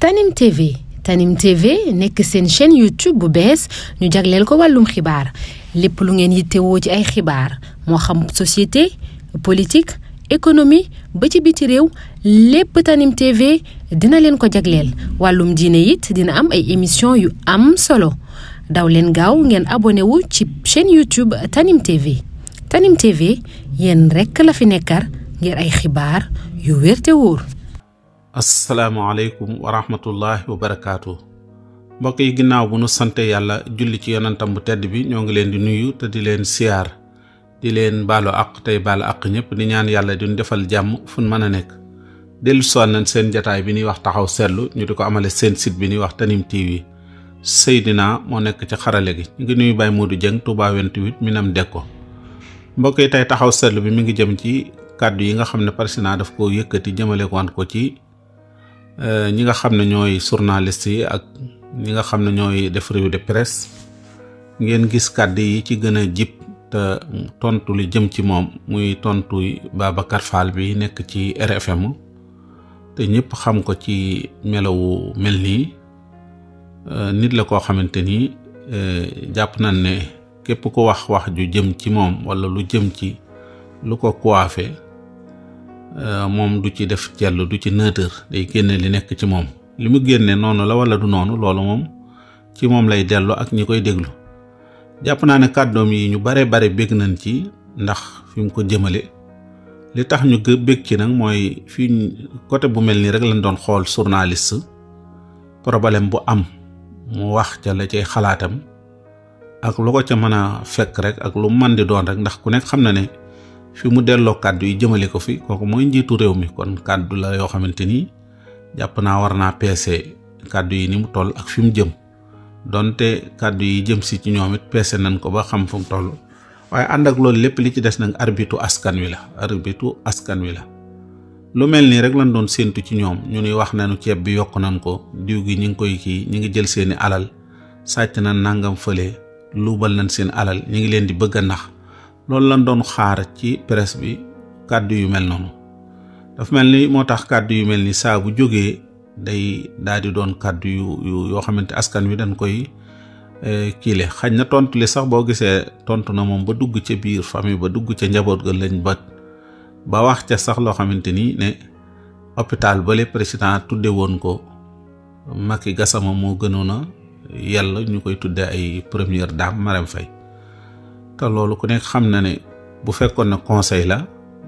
Tanim TV Tanim nekk seen chaîne YouTube bu bees ñu jagleel ko wàllum xibaar lépp lu ngeen yittewoo ci ay xibaar moo xam société politique économie ba ci biti réew lépp Tanim dina leen ko jagleel wàllum diine it dina am ay émission yu am solo daw leen gaaw ngeen abonné wu ci chaîne YouTube Tanim TV Tanim yéen rekk la fi nekkar ngir ay xibaar yu wér te wóor asalaamualeykum wa rahmatullahi wa barakaatu mbokk yi ginnaaw bu nu sante yàlla julli ci yonantam bu tedd bi ñoo ngi leen di nuyu te di leen siyaar di leen baalu àq tey baalu àq ñëpp di ñaan yàlla di defal jàmm fu nu mën a nekk dellu soon nañ seen jataay bi ñuy wax taxaw seetlu ñu di ko amale seen sit bi nuy wax Tanim TV Seydina moo nekk ci xarale gi ñu ngi nuyu Baye Modou Dieng Touba 28 Minam Dekko mbokk yi tey taxaw seetlu bi mi ngi jëm ci kàddu yi nga xam ne président daf ko yëkkati jëmale woon ko ci Euh, ñi nga xam ne ñooy journaliste yi ak ñi nga xam ne ñooy def revue de presse ngeen gis kàdd yi ci gën a jip te tontu lu jëm ci moom muy tontu Babacar Fall bi nekk ci RFM te ñëpp xam ko ci melowu mel nii euh, nit la koo xamante ni euh, jàpp nañ ne képp ko wax wax ju jëm ci moom walla lu jëm ci lu ko coiffé Euh, moom du ci def jàll du ci nëtër day génne li nekk ci moom li mu génne noonu la wala du noonu loolu moom ci moom lay dellu ak ñi koy déglu jàpp naa ne kàddoom yi ñu bare bare bég nañ ci ndax fi mu ko jëmale li tax ñu gë bég ci nag mooy fi côté bu mel nii rek lañ doon xool journaliste problème bu am mu wax ca la cay xalaatam ak lu ko ca mën a fekk rek ak lu mën di doon rek ndax ku nekk xam na ne fi mu delloo kàddu yi jëmale ko fi kooku mooy njiitu réew mi kon kàddu la yoo xamante ni jàpp naa war naa peese kàddu yi ni mu toll ak fi mu jëm donte kàddu yi jëm si ci ñoom it peese nañ ko ba xam fu toll waaye ànd ak loolu lépp li ci des nag arbitu askan wi la arbitu askan wi la lu mel nii rek lañ doon séentu ci ñoom ñu ni wax nañu ceeb bi yokk nañ ko diw gi ñu ngi koy kii ñu ngi jël seeni alal sàcc na nangam fële luubal nañ seen alal ñu ngi leen di bëgg a nax loolu lañ doon xaar ci presse bi kàddu yu mel noonu dafa mel ni moo tax kàddu yu mel ni saa bu jógee day daal di doon kàddu yu yoo xamante askan wi dañ koy eh, kiile xañ na tontu li sax boo gisee tontu na moom ba dugg ca biir famille ba dugg ca njaboot ga lañ ba ba wax ca sax loo xamante ni ne hôpital bale président tudde woon ko Macky gasama moo gënoon a yàlla ñu koy tuddee ay première ma Marème fay te loolu ku nekk xam na ne bu fekkoon ne conseil la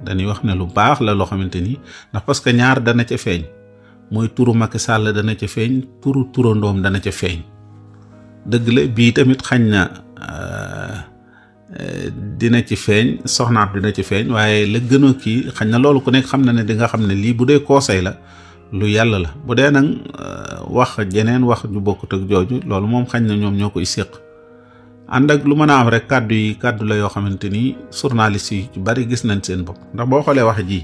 dañuy wax ne lu baax la loo xamante ni ndax parce que ñaar dana ca feeñ mooy turu Macky sàll dana ca feeñ turu turandoom dana ca feeñ dëgg la bii tamit xañ na euh, dina ci feeñ soxnaat dina ci feeñ waaye la gën kii xañ na loolu ku nekk xam na ne di nga xam ne lii bu dee conseil la lu yàlla la bu dee nag euh, wax jeneen wax ju bokkut ak jooju loolu moom xañ na ñoom ñoo koy séq and ak lu mën a am rek kàddu yi kàddu la yoo xamante ni journaliste yi yu bari gis nañ seen bopp ndax boo xoolee wax ji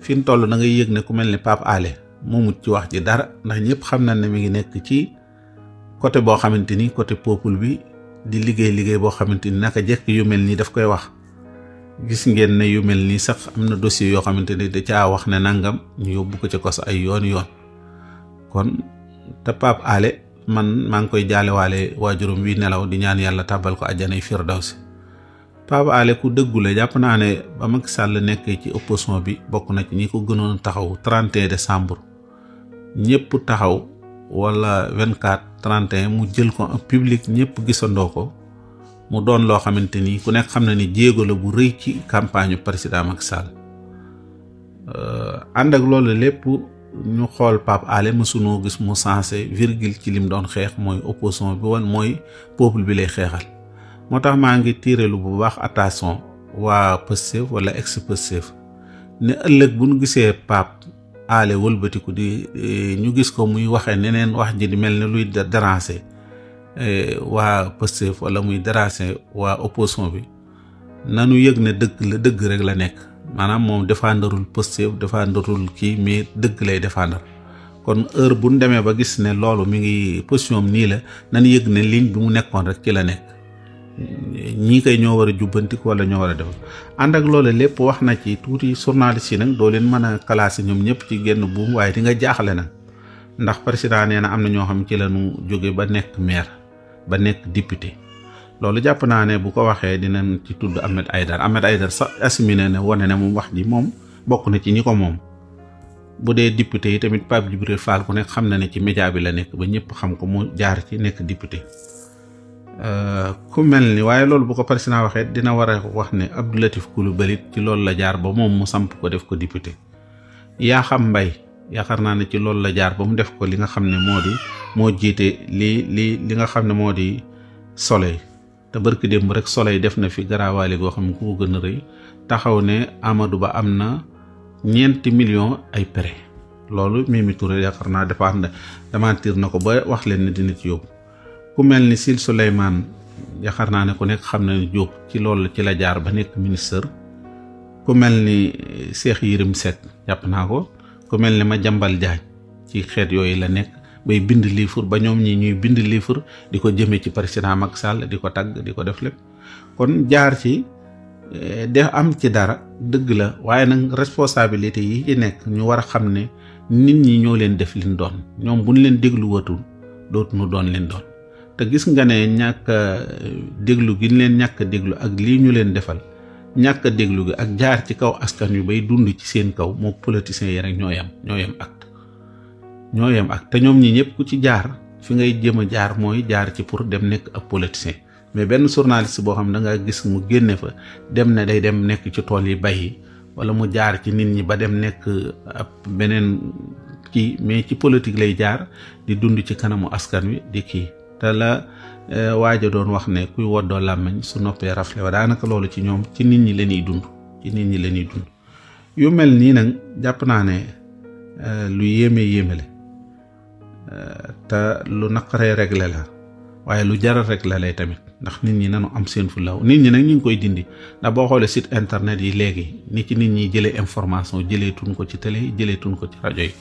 fi mu toll da ngay yëg ne ku mel ni Pape Alé moomut ci wax ji dara ndax ñëpp xam nañ ne mi ngi nekk ci côté boo xamante ni côté peuple bi di liggéey liggéey boo xamante ni naka jekk yu mel nii daf koy wax. gis ngeen ne yu mel nii sax am na dossier yoo xamante ni da caa wax ne nangam ñu yóbbu ko ca kos ay yoon yoon kon te Pape man maa ngi koy jaalewaale waajuram wi nelaw di ñaan yàlla tàbbal ko àjjanay firdawsi Pape Alé ku dëggu la jàpp naa ne ba Macky Sall nekkee ci opposition bi bokk na ci ñi ko gënoon taxaw 31 décembre ñëpp taxaw wala 24 31 mu jël ko public ñëpp gisandoo ko mu doon loo xamante ni ku nekk xam na ni jéego la bu rëy ci campagne président Macky Sall euh, ànd ak loolu lépp. ñu xool Pape Alé mësunoo gis mu sensé virgule ci lim doon xeex mooy opposition bi wan mooy peuple bi lay xeexal moo tax maa ngi tiirelu bu baax attention waa Pastef wala ex Pastef ne ëllëg bu gisee Pape Alé wëlbatiku di eh, ñu gis ko muy waxee neneen wax ji di mel ne luy déranger eh, waa Pastef wala muy déranger waa opposition bi nanu yëg ne dëgg la dëgg rek la nekk maanaam moom défendrul Pastef défendrul kii mais dëgg lay défendre kon heure bu ñu demee ba gis ne loolu mi ngi position am nii la nan yëg ne ligne bi mu nekkoon rek ci la nekk ñii kay ñoo war a jubbantiku wala ñoo war a def ànd ak loole lépp wax na ci tuuti journaliste yi nag doo leen mën a classé ñoom ñëpp ci génn buum waaye di nga jaaxle nag ndax président nee na am na ñoo xam ci lanu jóge ba nekk maire ba nekk député. loolu jàpp naa ne bu ko waxee dinañ ci tudd Ahmed Aïdar Ahmed Aïdar sax assimilé ne wane ne mu wax ji moom bokk na ci ñi ko moom bu dee député yi tamit Pape Djibril Fall ku nekk xam na ne ci média bi la nekk ba ñëpp xam ko mu jaar ci nekk député euh, ku mel ni waaye loolu bu ko naa waxee dina war wax ne Abdou Latif Coulibaly ci loolu la jaar ba moom mu samp ko def ko député yaa xam mbay yaakaar naa ne ci loolu la jaar ba mu def ko li nga xam ne moo di moo jiite li li li nga xam ne moo di soleil te barki démb rek soleil def na fi garaawaale goo xam ne ku ko gën a rëy taxaw ne Amadou Ba am na ñeenti millions ay prêts loolu Mimi Touré yaakaar naa dafa am ne démentir na ko ba wax leen ne dina ci yóbbu ku mel ni Syll Souleymane yaakaar naa ne ko nekk xam na ne Diop ci loolu ci la jaar ba nekk ministre ku mel ni Cheikh Yérim Seck jàpp naa ko ku mel ni Madiambal Diagne ci xeet yooyu la nekk. bay bind livre ba ñoom ñi ñuy bind livre di ko jëmee ci président Macky Sall di ko tagg di ko def lépp kon jaar ci eh, def am ci dara dëgg la waaye nag responsabilité yi ci nekk ñu war a xam ne nit ñi ñoo leen def liñ doon ñoom buñ leen déglu watul dootuñu doon leen doon te gis nga ne ñàkk eh, déglu gi ñu leen ñàkk déglu ak lii ñu leen defal ñàkk déglu gi ak jaar ci kaw askan wi bay dund ci seen kaw moo politiciens yi ñoo yam ñoo yam ak ñoo yem ak te ñoom ñi ñëpp ku ci jaar fi ngay jëm a jaar mooy jaar ci pour dem nekk ab politicien mais benn journaliste boo xam da nga gis mu génne fa dem ne day dem nekk ci tool yi bay wala mu jaar ci nit ñi ba dem nekk ab beneen kii mais ci politique lay jaar di dund ci kanamu askan wi di kii te la euh, waaja doon wax ne kuy woddoo làmmiñ su noppee rafle wa daanaka loolu ci ñoom ci nit ñi leen ñuy dund ci nit ñi leen ñuy dund yu mel nii nag jàpp naa ne euh, lu yéeme yéeme la te lu naqaree réglé la waaye lu jar a réglé lay tamit ndax nit ñi nanu am seen fulla nit ñi nag ñu ngi koy dindi ndax boo xoolee site internet yi léegi ni ci nit ñi jëlee information jëlee tun ko ci télé jëlee tun ko ci rajo yi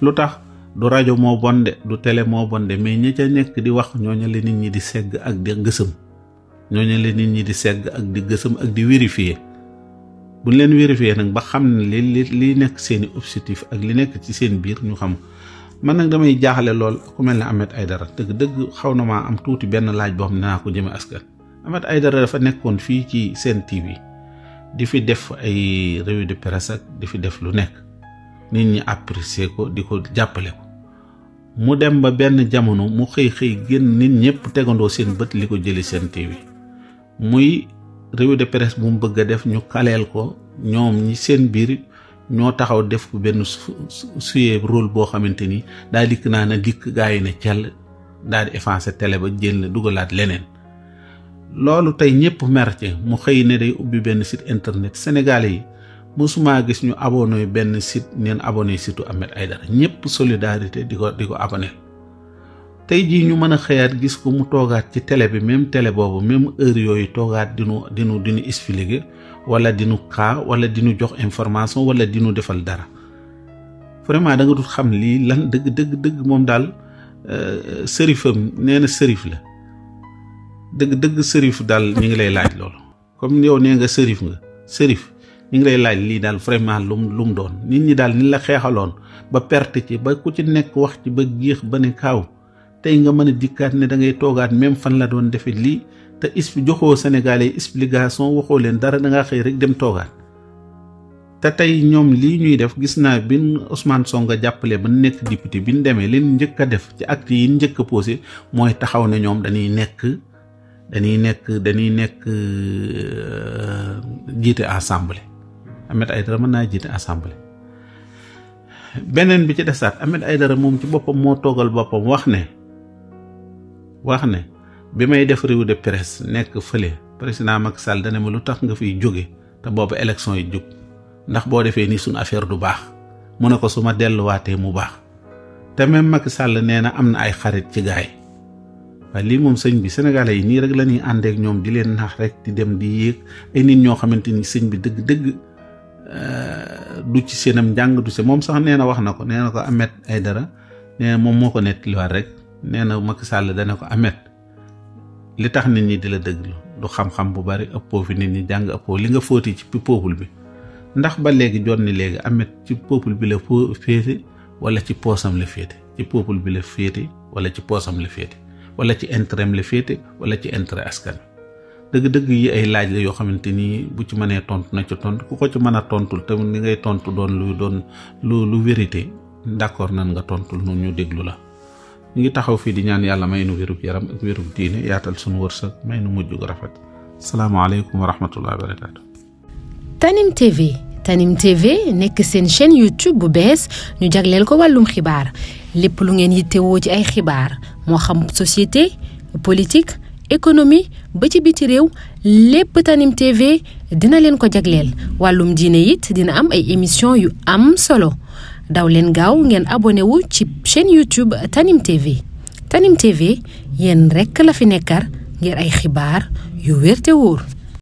lu tax du rajo moo bonde du télé moo bonde mais ñi ca nekk di wax ñooñu la nit ñi di segg ak di gësëm ñooñu la nit ñi di segg ak di gësëm ak di vérifier buñ leen vérifier nag ba xam ne li li li nekk seeni objectif ak li nekk ci seen biir ñu xam man nag damay jaaxale lool ku mel ne Ahmed Aidara dëgg dëgg xaw na maa am tuuti benn laaj boo xam ne naa ko jëme askan Ahmed Aidara dafa nekkoon fii ci seen tiiw TV di fi def ay revue de presse ak di fi def lu nekk nit ñi apprécier ko di ko jàppale ko mu dem ba benn jamono mu xëy xëy génn nit ñëpp tegandoo seen bët li ko jëlee seen TV muy revue de presse bu mu bëgg def ñu kaleel ko ñoom ñi seen biir ñoo taxaw def benn suyee rôle boo xamante ni daa dikk naa na dikk gaa yi ne cell daal di effacé télé ba jël dugalaat leneen loolu tey ñëpp mer mu xëy ne day ubbi benn sit internet sénégalais yi mosuma gis ñu abonné benn site neen abonné situ Ahmed Aidara ñëpp solidarité di ko di ko abonné tey jii ñu mën a xëyaat gis ko mu toogaat ci télé bi même télé boobu même heure yooyu toogaat dinu dinu diñu expliquer wala dinu nu xaa wala di jox information wala dinu defal dara vraiment da nga xam lii lan dëgg dëgg dëgg moom daal euh, sërifam nee na sërif la dëgg dëgg sërif daal ñu ngi lay laaj loolu comme yow nee nga sërif nga sërif ñu ngi lay laaj lii daal vraiment lum lum doon nit ñi daal ni la xeexaloon ba perte ci ba ku ci nekk wax ci ba géex ba ne kaaw tey nga mën a dikkaat ne da ngay toogaat même fan la doon defe lii te isp joxo Sénégalais explication waxoo leen dara dangaa xëy rek dem toogaat te tey ñoom lii ñuy def gis naa bin Ousmane Sonko jàppale ba nekk député bi ñu demee leen njëkk a def ci acte yi njëkk a posé mooy taxaw ne ñoom dañuy nekk dañuy nekk dañuy nekk euh, jiite assemblée Ahmed Aïdara mën naa jiite assemblée beneen bi ci def desaat ay dara moom ci boppam moo toogal boppam wax ne wax ne. bi may def revue de presse nekk fële président Macky Sall dana ma lu tax nga fi jóge te boobu élection yi jóg ndax boo defee nii suñu affaire du baax mu ne ko su ma delluwaatee mu baax te même Macky Sall nee na am na ay xarit ci gaay waaye lii moom sëñ bi sénégalais yi nii rek la ñuy àndeek ñoom di leen nax rek di dem di yéeg nit ñoo xamante ni sëñ bi dëgg-dëgg euh, du ci seenam njàng du moom sax nee na wax na ko nee na ko Ahmed ay dara na moom moo ko nettaliwaat rek nee na Macky Sall dana ko Ahmed li tax nit ñi di la déglu du xam-xam bu bari ëppoo fi nit ñi jàng ëppoo li nga fóoti ci peuple bi ndax ba léegi jot ni léegi amet ci poopul bi la foo féete wala ci poosam la féete ci peuple bi féete wala ci poosam la féete wala ci intérêt am la féete wala ci intérêt askan dëgg-dëgg yi ay laaj la yoo xamante ni bu ci mënee tontu na ci tontu ku ko ci mën a tontul tamit ni ngay tontu doon lu doon lu lu vérité d'accord nan nga tontul noonu ñu déglu la. ñu ngi taxaw fii di ñaan yàlla may nu wérub yaram ak wérub diine yaatal sunu wërsëg may mujj gu rafet salaamaaleykum wa rahmatullahi wa barakaatu. Tanim TV Tanim TV nekk seen chaîne YouTube bu bees ñu jagleel ko wàllum xibaar lépp lu ngeen yittewoo ci ay xibaar moo xam société politique économie ba ci biti réew lépp Tanim TV dina leen ko jagleel wàllum diine it dina am ay émission yu am solo. daw leen gaaw ngeen abonné wu ci chaîne YouTube Tanim TV Tanim TV yéen rekk la fi nekkar ngir ay xibaar yu wér te wóor